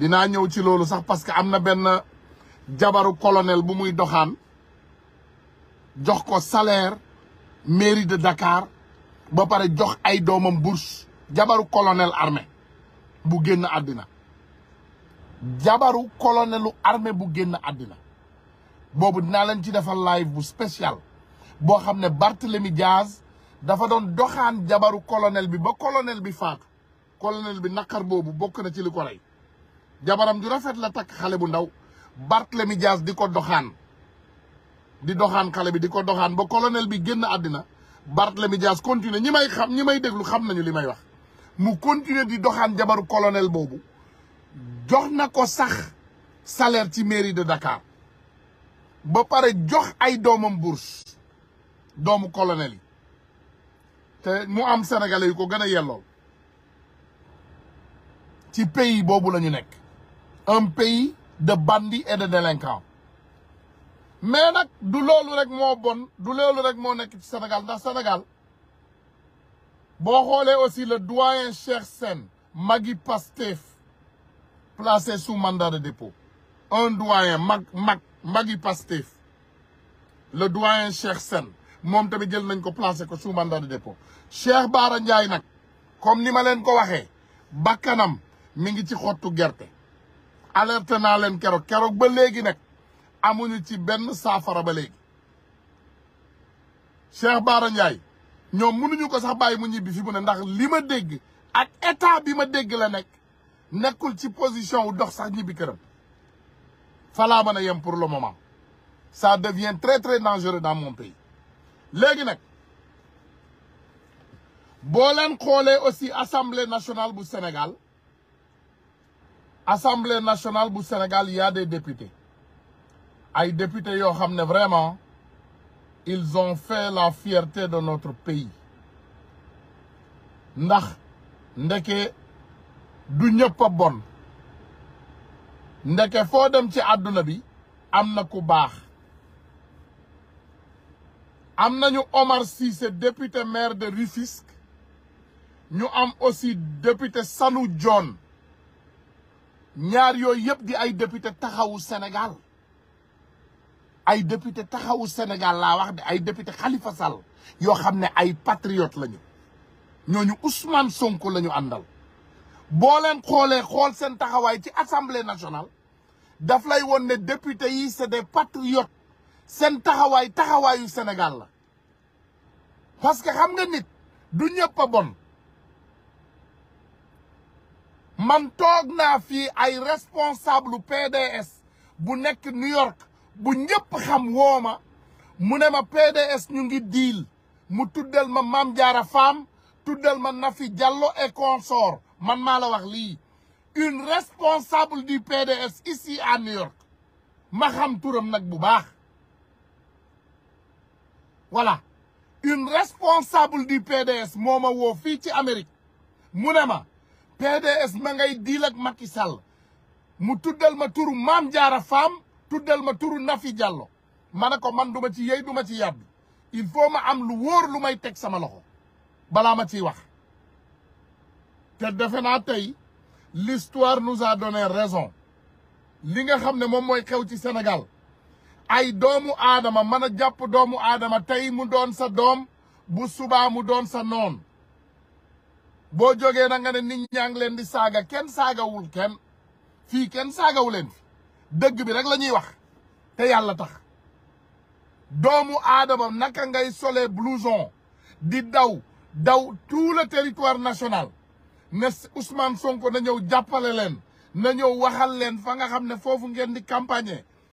dinaa ñëw ci loolu sax parce que am na benn jabaru colonel bu muy doxaan jox ko salaire mairie de Dakar ba pare jox ay doomam bourse jabaru colonel armée bu génn àddina jabaru colonelu armée bu génn àddina boobu dinaa leen ci defal live bu spécial boo xam ne Barthélemy Diaz dafa doon doxaan jabaru colonel bi ba colonel bi faatu colonel bi naqar boobu bokk na ci li ko rey jabaram ju rafet la takk xale bu ndaw Barthélemy Dias di ko doxaan di doxaan xale bi di ko doxaan ba colonel bi génn àddina Barthélemy Dias continuer ñi may xam ñi may déglu xam nañu li may wax mu continuer di doxaan jabaru colonel boobu jox na ko sax salaire ci mairie de Dakar ba pare jox ay doomam bourse doomu colonel yi te mu am sénégalais yu ko gën a yellool ci pays boobu la ñu nekk un pays de bandits et de délinquants mais nag du loolu rek moo bon du loolu rek moo nekk ci Sénégal ndax senegal boo xoolee aussi le doyen Cheikh Sène magi Pastef placé sous mandat de dépôt un doyen mag mag mag magi Pastef le doyen Cheikh Sène moom tamit jël nañ ko placé ko sous mandat de dépôt Cheikh Bara Ndiaye nag comme ni ma leen ko waxee bakkanam mi ngi ci xottu gerte alerté naa leen keroog keroog ba léegi nag amuñu ci benn saafara ba léegi Cheikh Bara Ndiaye ñoom mënuñu ko sax bàyyi mu ñibbi fi mu ne ndax li ma dégg ak état bi ma dégg la nekk nekkul ci position wu dox sax ñibbi këram falaa ba a yem pour le moment ça devient très très dangereux dans mon pays léegi nag boo leen xoolee aussi assemblée nationale bu Sénégal assemblée nationale bu Sénégal y a des députés ay députés yoo xam ne vraiment ils ont fait la fierté de notre pays ndax ndeke du ñëpp a bon ndeke foo dem ci àdduna bi am na ku baax am nañu Omar Cissé député maire de Rufisque ñu am aussi député Sanu John ñaar yooyu yëpp di ay député taxawu senegal ay député taxawu senegal laa wax di ay député xalifa Sall yoo xam ne ay patriote lañu ñooñu Ousmane sonk lañu àndal boo leen xoolee xool seen taxawaay ci assemblée nationale daf lay woon ne député yi c'est des patriotes seen taxawaay taxawaayu Sénégal la parce que xam nga nit du ñëpp a bon. man toog naa fii ay responsable PDS bu nekk New York bu ñëpp xam woo ma mu ne ma PDS ñu ngi diil mu tuddal ma Mame jaara Fam tuddal ma Nafi Diallo et consort man maa la wax lii une responsable du PDS ici à New York ma xam turam nag bu baax voilà une responsable du PDS mooma woo fii ci Amérique mu ne ma PDS na ngay diil ak Macky Sall mu tuddal ma turu Maam Jaara Faam tuddal ma turu Nafi Diallo ma ne ko man du ma ci yey duma ci yàbbi il faut ma am lu wóor lu may teg sama loxo balaa ma ciy wax te defe naa tey l'histoire nous a donné raison li nga xam ne moom mooy xew ci senegal ay doomu aadama mën a jàpp doomu aadama tey mu doon sa doom bu subaa mu doon sa noon boo jógee na nga ne ni ñaa ngi leen di saaga kenn saagawul kenn fii kenn saagawu leen fi dëgg bi rek la ñuy wax te yàlla tax doomu aadama naka ngay solee blouson di daw daw tout le territoire national ne Ousmane Sonko na ñëw jàppale leen na ñëw waxal leen fa nga xam ne foofu ngeen di campagne